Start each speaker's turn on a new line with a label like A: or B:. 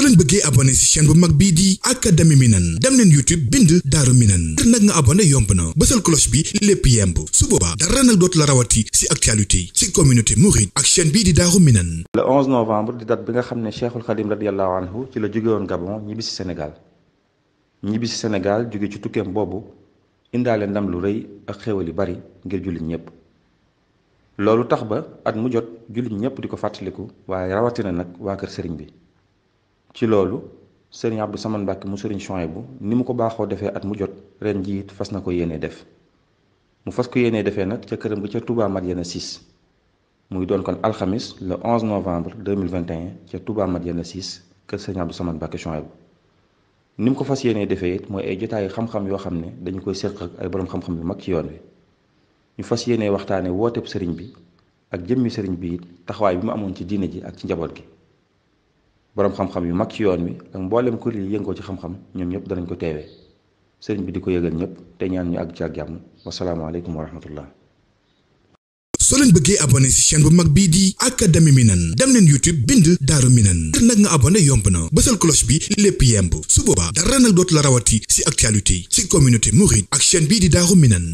A: soo bëggee abonné ci bu mag bii di académie Minane dem leen YouTube bind Daaru Minane ngir nag nga abonné yomb na bësal cloche bi lépp yemb la di Daaru Minane
B: le 11 novembre di date bi nga xam ne Cheikhul Khadim radiyallahu anhu ci la jóge woon Gabon ñibbi ci Sénégal ñibbi ci Sénégal jóge ci tukkeem boobu indaale ndam lu rëy ak xéewal yu bari ngir jullit ñépp loolu tax ba at mu jot jullit ñépp di ko fàttaliku waaye rawatina nag waa kër sëriñ bi ci loolu sëriñ Abdou Samane Mbacke mu sëriñ bu ni mu ko baaxoo defee ak mu jot ren ji it fas na ko yéenee def mu fas ko yéenee defee nag ca këram ga ca Touba Madiana 6 muy doon kon alxamis le mille vingt 2021 ca Touba Madiana 6 kër sëriñ Abdou Samane Mbacke Chouaïbou ni mu ko fas yéenee defee it mooy ay jotaayu xam-xam yoo xam ne dañu koy séq ak ay borom xam-xam yu mag ci yoon wi ñu fas yéenee waxtaanee wooteeb sëriñ bi ak jëmmi sëriñ bi taxawaay bi mu amoon ci diine ji ak ci njaboot gi. borom xam-xam yu mag ci yoon wi ak mboolem kuréel yi yëngoo ci xam-xam ñoom ñëpp danañ ko teewee sëriñ bi di ko yëgal ñëpp te ñaan ñu àgg ci ak jàmm wasalaamaaleykum wa rahmatullah
A: soo leen bëggee abonné ci chaîne bu mag bii di académie Minane dem leen youtube bind Daaru Minane ngir nag nga abonné yomb na bësal cloche bi lépp yemb su boobaa dara nag dootu la rawati ci actualité ci communauté mouride ak chaîne bii di Daaru Minane